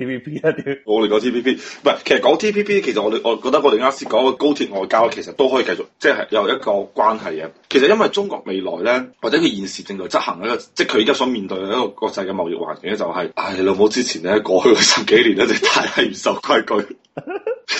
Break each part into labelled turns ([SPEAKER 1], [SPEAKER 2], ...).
[SPEAKER 1] TPP 一啲，
[SPEAKER 2] 我哋講 TPP，唔係，其實講 TPP，其實我哋我覺得我哋啱先講嘅高鐵外交，其實都可以繼續，即、就、係、是、有一個關係嘅。其實因為中國未來咧，或者佢現時正在執行一個，即係佢而家所面對嘅一個國際嘅貿易環境咧、就是，就、哎、係，唉，你老母之前咧過去十幾年一直太唔受規矩。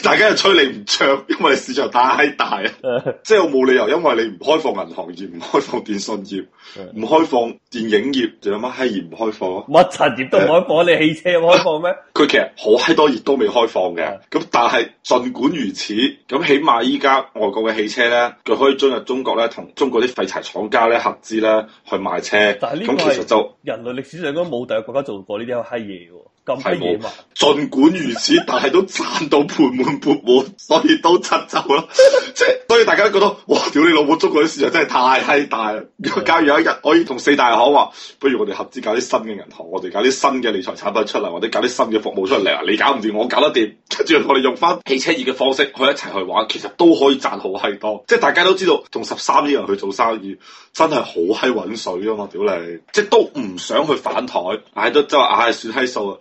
[SPEAKER 2] 大家又催你唔着，因為市場太大啊！ 即係我冇理由，因為你唔開放銀行業，唔開放電信業，唔 開放電影業，仲有乜閪業唔開放啊？乜層業都唔開放，
[SPEAKER 1] 開放 你汽車有冇開放咩？
[SPEAKER 2] 佢其實好閪多業都未開放嘅，咁 但係儘管如此，咁起碼依家外國嘅汽車咧，佢可以進入中國咧，同中國啲廢柴廠家咧合資咧去賣車。但係呢個，咁其實就
[SPEAKER 1] 人類歷史上都冇第二個國家做過呢啲閪嘢。咁係冇，嘛？
[SPEAKER 2] 儘管如此，但係都賺到盆滿缽滿，所以都出走啦。即 係、就是、所以大家都覺得，哇！屌你老母，中國嘅市場真係太閪大。的如果假如有一日，我同四大行話，不如我哋合資搞啲新嘅銀行，我哋搞啲新嘅理財產品出嚟，或者搞啲新嘅服務出嚟啊！你搞唔掂，我搞得掂。跟住我哋用翻汽車業嘅方式去一齊去玩，其實都可以賺好閪多。即、就、係、是、大家都知道，同十三億人去做生意，真係好閪揾水啊嘛！屌你，即、就、係、是、都唔想去反台，唉，都即係嗌算閪數啊！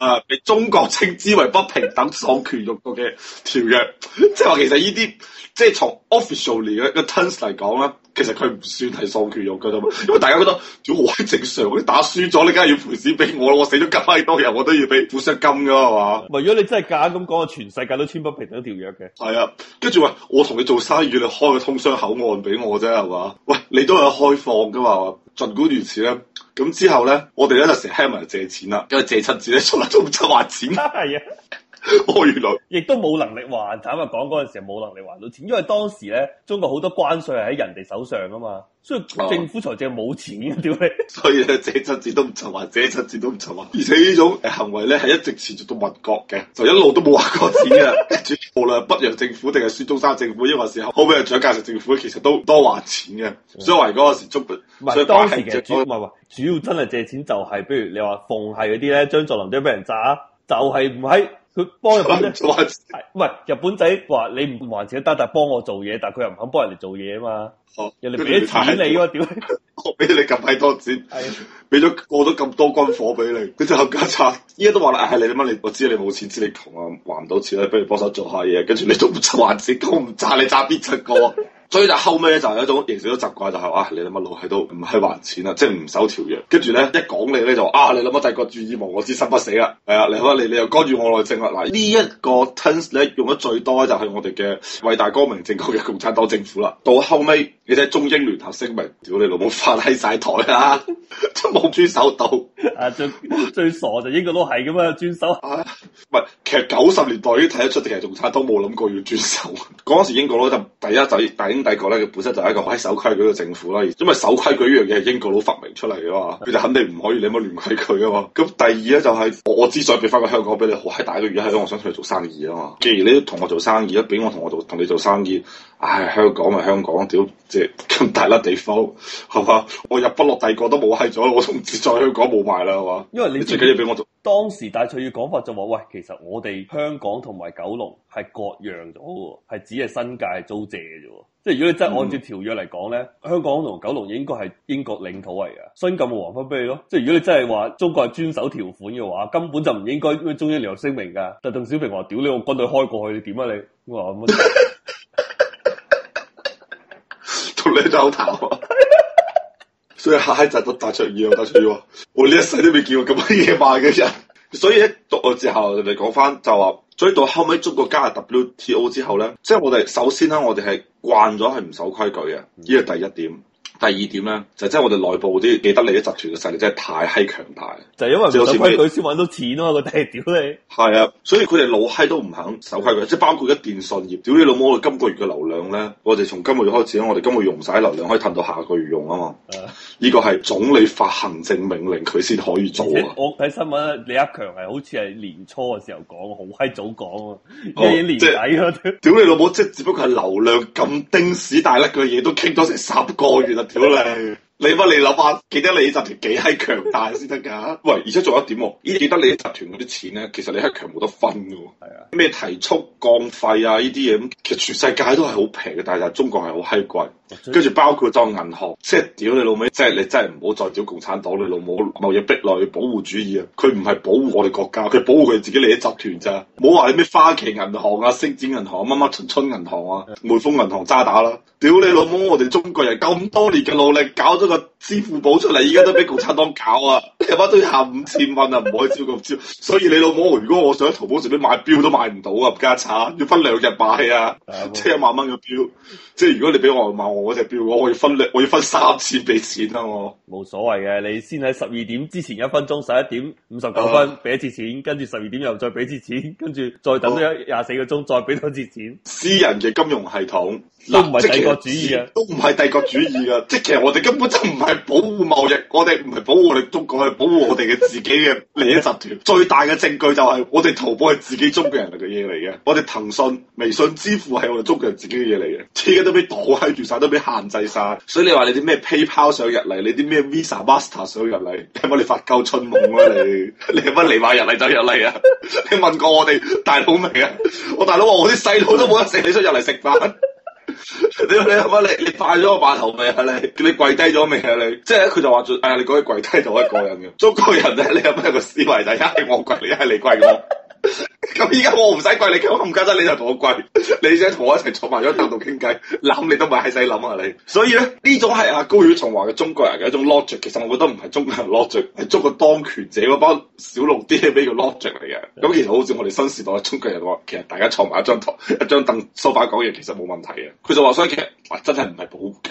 [SPEAKER 2] 誒、啊，被中國稱之為不平等喪權辱國嘅條約，即係話其實呢啲，即係從 officially 嘅個 terms 嚟講咧，其實佢唔算係喪權辱國嘛，因為大家覺得，如果好正常，你打輸咗，你梗係要賠錢俾我啦，我死咗咁閪多人，我都要俾補償金噶嘛。
[SPEAKER 1] 如果你真係假咁講，全世界都簽不平等條約嘅，係啊，
[SPEAKER 2] 跟住話我同你做生意，你開個通商口岸俾我啫，係嘛？喂，你都係開放噶嘛？盡管如此咧。咁之後咧，我哋咧就成日問人借錢啦，因為借親咧，從
[SPEAKER 1] 來都唔出還錢。係啊。哦， 原來亦都冇能力還，坦白講嗰陣時冇能力還到錢，因為當時咧中國好多關稅係喺人哋手上噶嘛，所以政府財政冇錢，屌你！
[SPEAKER 2] 所以咧借親錢都唔償還，借親錢都唔償還。而且呢種行為咧係一直持續到民國嘅，就一路都冇還過錢啊！ 無論北洋政府定係孫中山政府，因為時候可後屘蔣介石政府其實都多還錢嘅。所以話嗰陣時足，所以關鍵就唔係唔
[SPEAKER 1] 係主要真係借錢就係、是，比如你話奉系嗰啲咧，張作霖都俾人詐，就係唔喺。佢幫日本做下，唔係日本仔話你唔還錢得， 但係幫我做嘢，但係佢又唔肯幫人哋做嘢啊嘛。哦、啊，人哋俾啲錢你喎，點解
[SPEAKER 2] 我俾你咁閪多錢？係啊， 俾咗過咗咁多軍火俾你，佢就家賊依家都話啦，係你點啊？你我知你冇錢，知你窮啊，還唔到錢，不如幫手做下嘢，跟住你仲唔出還錢，我唔炸你炸邊柒個？ 所以就後尾咧就係一種形成咗習慣，就係啊你諗乜路喺度唔係還錢啦，即係唔守條約。跟住咧一講你咧就啊你諗乜帝國主義亡我之心不死啦。係啊，你乜、就是、你、啊、你又干預我內政啦。嗱呢一個 terms 咧用得最多咧就係我哋嘅偉大光明正確嘅共產黨政府啦。到後尾，你睇中英聯合聲明，屌你老母發拉晒台啦、啊， 都冇遵守到。啊
[SPEAKER 1] 最最傻就英國佬係咁啊遵守。
[SPEAKER 2] 唔係其實九十年代已經睇得出，其實共產黨冇諗過要遵守。嗰 陣時英國佬就第一，第一就第一。第一個咧，佢本身就係一個喺守規矩嘅政府啦，因為守規矩呢樣嘢係英國佬發明出嚟噶嘛，佢就肯定唔可以你乜亂規矩噶嘛。咁第二咧就係、是、我之所以俾翻個香港俾你，好大嘅原因，原因係因為我想出嚟做生意啊嘛。既然你都同我做生意啦，俾我同我做。同你做生意，唉，香港咪香港，屌，即係咁大笪地方，係嘛？我入不落帝國都冇閪咗，我都唔知再香港冇埋啦，係嘛？
[SPEAKER 1] 因為你最緊要俾我做。當時大翠要講法就話，喂，其實我哋香港同埋九龍係割讓咗，係只係新界租借嘅啫。即係如果你真係按照條約嚟講咧，嗯、香港同九龍應該係英國領土嚟嘅，所以咁咪還翻俾你咯。即係如果你真係話中國係遵守條款嘅話，根本就唔應該咩中英聯合聲明噶。但係鄧小平話：屌你，我軍隊開過去，你點啊你？同 你走頭啊！
[SPEAKER 2] 所以下閪就讀大長魚，大長魚我呢一世都未見過咁嘅野話嘅人， 所以一讀咗之後，人哋講翻就話，所以到後尾中國加入 WTO 之後咧，即、就、係、是、我哋首先咧，我哋係慣咗係唔守規矩嘅，呢個、嗯、第一點。第二點咧，就即、是、係我哋內部啲既得利益集團嘅勢力真係太閪強大。就因為唔想佢
[SPEAKER 1] 先搵到錢啊嘛，以個地屌你。
[SPEAKER 2] 係啊，所以佢哋老閪都唔肯守規矩，嗯、即係包括一電信業，屌你、嗯、老母，我今個月嘅流量咧，我哋從今個月開始，我哋今個月用晒流量，可以騰到下個月用啊嘛。呢、啊、個係總理發行政命令佢先可以做、啊、
[SPEAKER 1] 我睇新聞，李克強係好似係年初嘅時候講，好閪早講、嗯、啊，年底屌你老母，即係
[SPEAKER 2] 只不過係流量咁丁屎大粒嘅嘢，都傾咗成十個月啦。嗯嗯。好靚， 你乜你諗下，記得利益集團幾閪強大先得噶。 喂，而且仲有一點喎，依記得利益集團嗰啲錢咧，其實李克強冇得分嘅。係啊，咩提速降費啊，呢啲嘢咁，其實全世界都係好平嘅，但係中國係好閪貴。跟住包括當銀行，即係屌你老味，即係你真係唔好再屌共產黨，你老母貿易壁壘保護主義啊！佢唔係保護我哋國家，佢保護佢自己利益集團咋？唔好話啲咩花旗銀行啊、星展銀行啊、乜乜春春銀行啊、匯豐銀行渣打啦！屌你老母，我哋中國人咁多年嘅努力搞咗個。支付寶出嚟而家都俾共產黨搞啊！入 都要下五千蚊啊，唔可以超咁超。 所以你老母，如果我想喺淘寶上面買標都買唔到啊！家產要分兩日買啊， 即係一萬蚊嘅標。即係如果你俾我買我嗰隻標嘅話，我我要分兩，我要分三次俾錢啊。
[SPEAKER 1] 我。冇所謂嘅，你先喺十二點之前一分鐘，十一點五十九分俾、uh, 一次錢，跟住十二點又再俾一次錢，跟住再等咗、uh, 一廿四個鐘再俾多次錢。
[SPEAKER 2] 私人嘅金融系統。都唔係帝國主義，都唔係帝國主義啊！即係其實我哋根本就唔係保護貿易，我哋唔係保護我哋中國，係保護我哋嘅自己嘅利益集團。最大嘅證據就係我哋淘寶係自己中國人嘅嘢嚟嘅，我哋騰訊、微信支付係我哋中國人自己嘅嘢嚟嘅，自己都俾擋喺住晒，都俾限制晒。所以你話你啲咩 PayPal 想入嚟，你啲咩 Visa Master 想入嚟，我哋發鳩春夢啊？你你乜尼瑪入嚟就入嚟啊？你問過我哋大佬未啊？我大佬話我啲細佬都冇得食，你想入嚟食飯。 你你你拜咗我拜頭未啊你？你跪低咗未啊你？即係佢就話做，哎你講起跪低同一個人嘅，中國人咧你有咩個思維一係我跪你，一係你跪我。 咁而家我唔使跪你嘅，我唔加薪，你就同我跪，你想同我一齊坐埋一張凳度傾偈？諗你都唔係使諗啊你。所以咧，呢種係阿高曉松話嘅中國人嘅一種 logic，其實我覺得唔係中國人 logic，係中國當權者嗰班小六啲嘢俾個 logic 嚟嘅。咁 其實好似我哋新時代嘅中國人話，其實大家坐埋一張台、一張凳、沙發講嘢，其實冇問題嘅。佢就話，所以其實真保，哇，真係唔係保護嘅。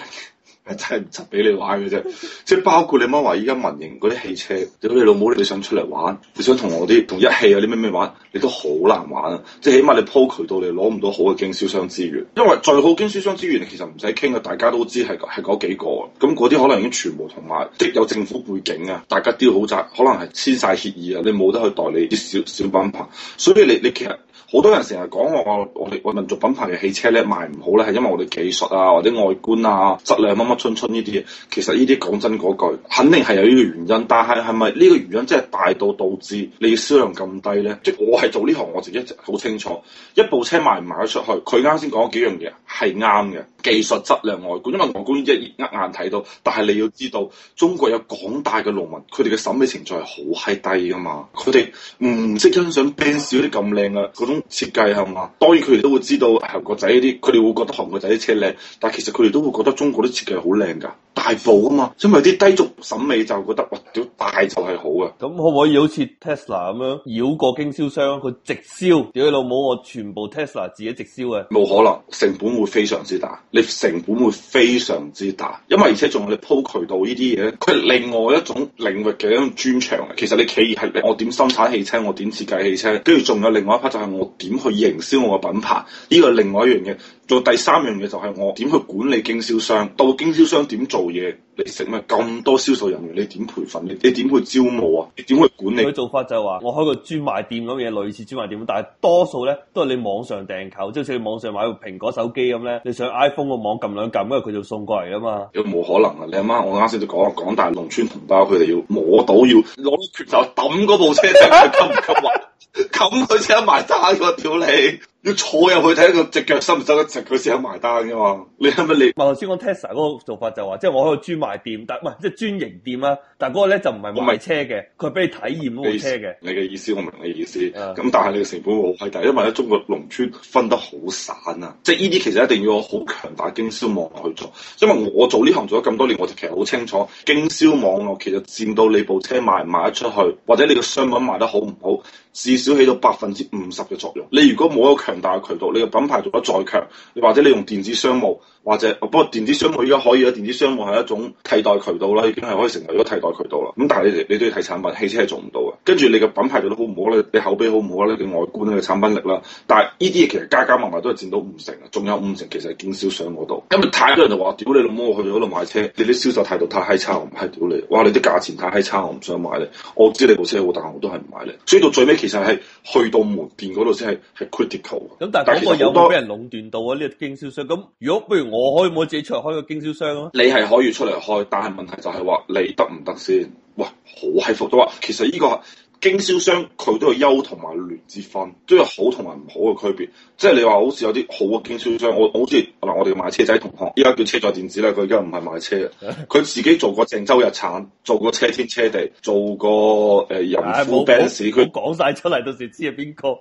[SPEAKER 2] 真係唔執俾你玩嘅啫，即係包括你媽話依家民營嗰啲汽車，如果你老母你想出嚟玩，你想同我啲同一汽啊，啲咩咩玩，你都好難玩啊！即係起碼你鋪渠道，你攞唔到好嘅經銷商資源，因為最好經銷商資源其實唔使傾啊，大家都知係係嗰幾個，咁嗰啲可能已經全部同埋，即有政府背景啊，大家啲好曬，可能係簽晒協議啊，你冇得去代理啲小小品牌，所以你你其實。好多人成日講我我我民族品牌嘅汽車咧賣唔好咧，係因為我哋技術啊、或者外觀啊、質量乜乜春春呢啲。其實呢啲講真嗰句，肯定係有呢個原因。但係係咪呢個原因真係大到導致你嘅銷量咁低咧？即係我係做呢行我自己好清楚，一部車賣唔賣得出去。佢啱先講咗幾樣嘢係啱嘅。技術質量外觀，因為外觀即係一眼睇到。但係你要知道，中國有廣大嘅農民，佢哋嘅審美程序係好閪低噶嘛。佢哋唔識欣賞 Benz 嗰啲咁靚嘅嗰種設計係嘛？當然佢哋都會知道韓國仔嗰啲，佢哋會覺得韓國仔啲車靚。但係其實佢哋都會覺得中國啲設計好靚㗎，大部啊嘛。因為啲低俗審美就覺得，哇屌大就係好啊。
[SPEAKER 1] 咁可唔可以好似 Tesla 咁樣，繞過經銷商，佢直銷？屌你老母，我全部 Tesla 自己直銷呀。冇可能，
[SPEAKER 2] 成本會非常之大。你成本會非常之大，因為而且仲有你鋪渠道呢啲嘢，佢另外一種領域嘅一種專長，其實你企業係我點生產汽車，我點設計汽車，跟住仲有另外一 part 就係我點去營銷我個品牌，呢個另外一樣嘢。仲有第三樣嘢就係我點去管理經銷商，到經銷商點做嘢。你食咩咁多銷售人員？你點培訓？你你點去招募啊？你點去管理？佢
[SPEAKER 1] 做法就係話，我開個專賣店咁嘅嘢，類似專賣店，但係多數咧都係你網上訂購，即係好似你網上買蘋果手機咁咧，你上 iPhone 個網撳兩撳，因為佢就送過嚟啊嘛。有冇可能啊，你阿媽我啱先都講講，廣
[SPEAKER 2] 大農村同胞佢哋要摸到要
[SPEAKER 1] 攞啲拳頭揼嗰部車，佢敢唔敢
[SPEAKER 2] 揾？冚佢先埋賣揸個屌你。要坐入去睇個隻腳收唔收得直，佢
[SPEAKER 1] 先肯埋單噶嘛？你係咪你？我頭先講 Tesla 嗰個做法就話，即係我喺開專賣店，但唔係即係專營店啦。但係嗰個咧就唔係賣車嘅，佢俾你體驗嗰部車嘅的。你嘅意思我明你
[SPEAKER 2] 意思。咁但係你嘅成本好閪大，因為喺中國農村分得好散啊。即係呢啲其實一定要好強大經銷網絡去做，因為我做呢行做咗咁多年，我就其實好清楚經銷網絡其實佔到你部車賣唔賣得出去，或者你個商品賣得好唔好。至少起到百分之五十嘅作用。你如果冇一個強大嘅渠道，你嘅品牌做得再強，你或者你用電子商務。或者，不過電子商務依家可以啦，電子商務係一種替代渠道啦，已經係可以成為咗替代渠道啦。咁但係你哋你都要睇產品，汽車係做唔到嘅。跟住你嘅品牌做得好唔好咧？你口碑好唔好咧？你嘅外觀咧、你嘅產品力啦。但係呢啲嘢其實加加埋埋都係佔到五成啊！仲有五成其實係經銷商嗰度。咁啊太多人就話：屌你老母去嗰度買車，你啲銷售態度太閪差，我唔閪屌你！哇！你啲價錢太閪差，我唔想買你。我知你部車好，但我都係唔買你。所以到最尾其實係去到門店嗰度先係係 critical。咁 crit 但係嗰個有冇俾人
[SPEAKER 1] 壟斷到啊？呢、呢個經銷商咁，如果我可以唔可以自己出嚟開個經銷商咯？你係可以出嚟開，
[SPEAKER 2] 但係問題就係話你得唔得先？哇，好幸福都話！其實呢、這個經銷商佢都有優同埋劣之分，都有好同埋唔好嘅區別。即係你話好似有啲好嘅經銷商，我好似嗱，我哋買車仔同學，依家叫車載電子咧，佢而家唔係賣車，佢自己做過鄭州日產，做過車天車地，做過誒、呃、人富奔馳，佢講晒出
[SPEAKER 1] 嚟到時知係邊個。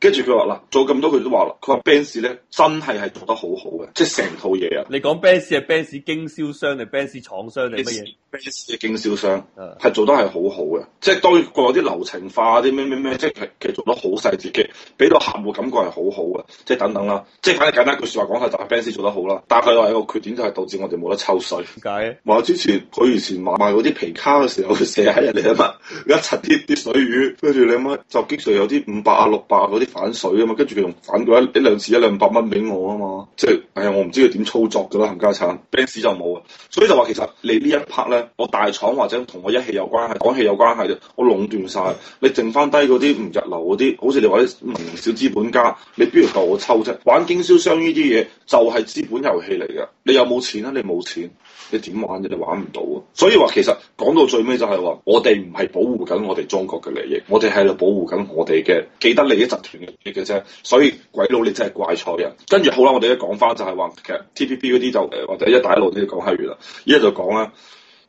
[SPEAKER 2] 跟住佢話啦，做咁多佢都話啦，佢話 Benz 咧真係係做得好好嘅，即係成套嘢啊！
[SPEAKER 1] 你講 Benz 係 Benz 經銷商定 Benz 廠商定乜嘢？
[SPEAKER 2] Benz 嘅經銷商係做得係好好嘅，即係當然過啲流程化啲咩咩咩，即係其實做得好細節嘅，俾到客戶感覺係好好嘅，即係等等啦，即係反正簡單句説話講係，就係、是、Benz 做得好啦。但係佢話有個缺點就係導致我哋冇得抽水。點解？我之前佢以前賣賣嗰啲皮卡嘅時候，佢成日喺人哋啊嘛，一擦啲啲水魚，跟住你阿就經常有啲五百啊六百嗰啲反水啊嘛，跟住佢仲反過一兩次一兩百蚊俾我啊嘛，即係哎呀，我唔知佢點操作㗎啦，冚家鏟。Benz 就冇啊，所以就話其實你一呢一 part 咧。我大廠或者同我一氣有關係，講氣有關係啫，我壟斷晒，你剩翻低嗰啲唔入流嗰啲，好似你話啲民營小資本家，你邊度夠我抽啫？玩經銷商呢啲嘢就係、是、資本遊戲嚟嘅，你有冇錢啊？你冇錢，你點玩啫？你玩唔到啊！所以話其實講到最尾就係話，我哋唔係保護緊我哋中國嘅利益，我哋係度保護緊我哋嘅既得利益集團嘅嘅啫。所以鬼佬你真係怪錯人！跟住好啦，我哋一講翻就係話，其實 T P P 嗰啲就誒或者一帶一路都要講開完啦，依家就講啦。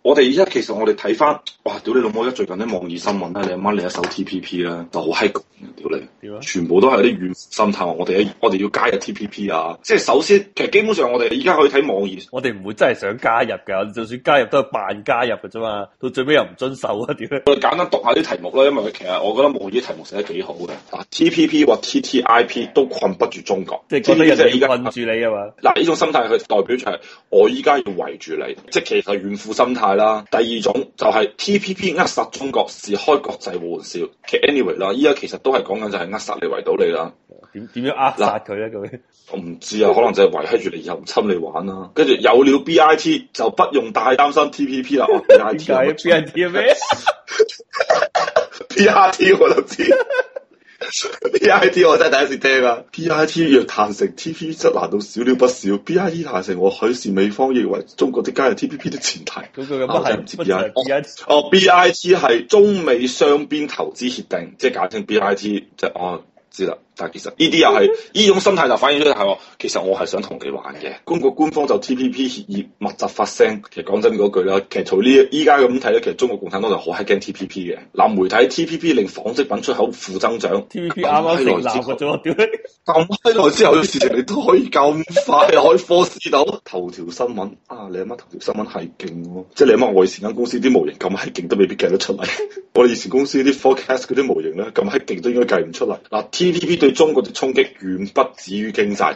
[SPEAKER 2] 我哋而家其實我哋睇翻，哇！屌你老母，而家最近啲網易新聞咧，你阿媽另一手 T P P 咧就好閪焗，屌你，
[SPEAKER 1] 樣全部都係啲
[SPEAKER 2] 怨婦心態。我哋我哋要加入 T P P 啊！
[SPEAKER 1] 即係首先，其實基本上我哋而家可以睇網易，我哋唔會真係想加入嘅，就算加入都係扮加入嘅啫嘛。到最尾又唔遵守啊！屌你，我哋簡單讀下啲題目啦，因為其實我
[SPEAKER 2] 覺得網易啲題目寫得幾好嘅。嗱，T P P 或 T T I P 都困不住中國，即係嗰啲人嚟困住你啊嘛。嗱，呢種心態佢代表就係我依家要圍住你，即係其實怨婦心態。係啦，第二種就係 T P P 扼殺中國是開國際玩笑。其實 anyway 啦，依家其實都係講緊就係扼殺你圍到你啦。
[SPEAKER 1] 點點樣扼殺佢咧？咁
[SPEAKER 2] 我唔知啊，可能就係圍喺住你又唔侵你玩啦。跟住有了 B I T 就不用大擔心 T P P 啦。點解 B I T 咩？B I T 我都知。 B I T 我真係第一次聽啊，B I T 要談成 T P P 則難度少了不少。B I T 談成我許是美方認為中國的加入 T P P 的前
[SPEAKER 1] 提。咁佢咁，啊、我不係唔知是 B I IT，
[SPEAKER 2] 哦 B I T 係中美雙邊投資協定，即係簡稱 B I T，就我、是 oh，知啦。但係其實呢啲又係呢種心態就反映出係，其實我係想同佢玩嘅。通過官方就 T P P 協議密集發聲。其實講真嗰句啦，其實從呢依家咁睇咧，其實中國共產黨就好閪驚 T P P 嘅。嗱，媒體 T P P 令紡織品出口負增長。T P P 啱啱嚟南
[SPEAKER 1] 咗，點解咁閪耐之後嘅事情你都
[SPEAKER 2] 可以咁快 可以 forecast 到？頭條新聞啊，你乜頭條新聞係勁喎？即、就、係、是、你我以前間公司啲模型咁閪勁都未必計得出嚟。 我哋以前公司啲 forecast 嗰啲模型咧咁閪勁都應該計唔出嚟。嗱、啊、T P P 對中國嘅衝擊遠不止於經濟，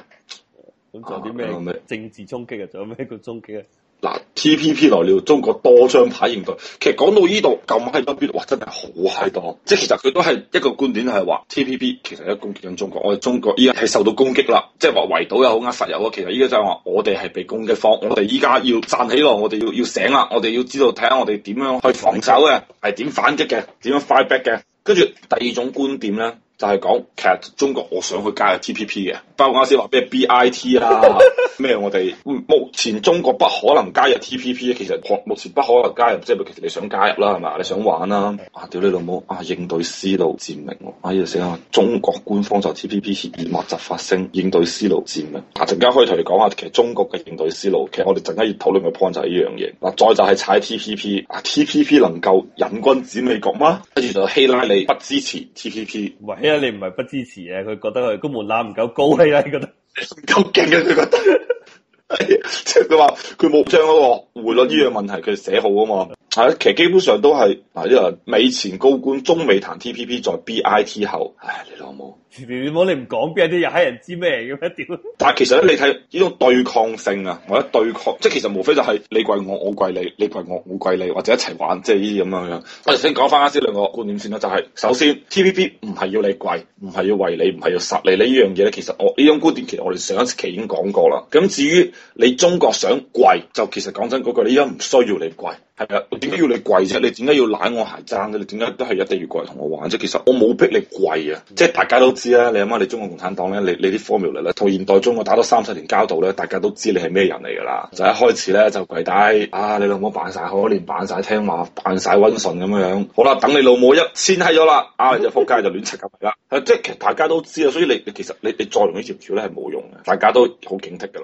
[SPEAKER 2] 咁
[SPEAKER 1] 仲、啊、有啲咩政治衝擊啊？仲有咩個衝擊啊？
[SPEAKER 2] 嗱，T P P 來了，中國多張牌應對。其實講到呢度咁閪不屈，哇，真係好閪多。即係其實佢都係一個觀點，係話 T P P 其實一攻擊緊中國。我哋中國依家係受到攻擊啦，即係話圍堵又好，壓實油，啊。其實依家就係話我哋係被攻擊方，我哋依家要站起嚟，我哋要要醒啦，我哋要知道睇下我哋點樣去防守嘅，係點反擊嘅，點樣 fight back 嘅。跟住第二種觀點咧。就係講，其實中國我想去加入 T P P 嘅，包括啱先話咩 B I T 啦、啊，咩 我哋、嗯、目前中國不可能加入 T P P 其實目前不可能加入，即係其實你想加入啦，係嘛？你想玩啦？是啊，屌你老母！啊，應對思路漸明啊呢度寫話中國官方就 T P P 協議密集發聲，應對思路漸明。啊，陣間可以同你講下，其實中國嘅應對思路，其實我哋陣間要討論嘅 point 就係呢樣嘢。嗱、啊，再就係踩 T P P，啊 T P P 能夠引軍展美國嗎？跟、啊、住就希拉里不支
[SPEAKER 1] 持 T P P。喂？你唔係不支持嘅，佢覺得佢個門檻唔夠高 你覺得唔
[SPEAKER 2] 夠勁啊，佢覺得，即係佢話佢冇將個匯率呢樣問題佢寫好啊嘛，係， 其實基本上都係嗱呢個美前高官中美談 TPP 在 BIT 後，
[SPEAKER 1] 唉，你老母。你冇你唔講，邊有啲人乞人知咩咁咩？屌！但係
[SPEAKER 2] 其實咧，你睇呢種對抗性啊，我覺得對抗，即係其實無非就係你跪我，我跪你，你跪我，我跪你，或者一齊玩，即係呢啲咁樣樣。我哋先講翻啱先兩個觀點先啦，就係、是、首先 TVB 唔係要你跪，唔係要為你，唔係要殺你呢樣嘢咧。其實我呢種觀點，其實我哋上一期已經講過啦。咁至於你中國想跪，就其實講真嗰句，那個、你而家唔需要你跪，係咪啊？點解要你跪啫？你點解要攋我鞋踭咧？你點解都係一定要過嚟同我玩啫？即其實我冇逼你跪啊，即係大家都。知啦，你阿下你中共共產黨咧，你你啲方妙嚟啦，同現代中國打咗三十年交道咧，大家都知你係咩人嚟噶啦。就一開始咧就跪低，啊，你老母扮晒可多扮晒聽話，扮晒溫順咁樣。好啦，等你老母一掀起咗啦，啊，你就仆街，就亂七咁啦。即係大家都知啊，所以你你其實你你再用呢條橋咧係冇用嘅，大家都好警惕噶啦。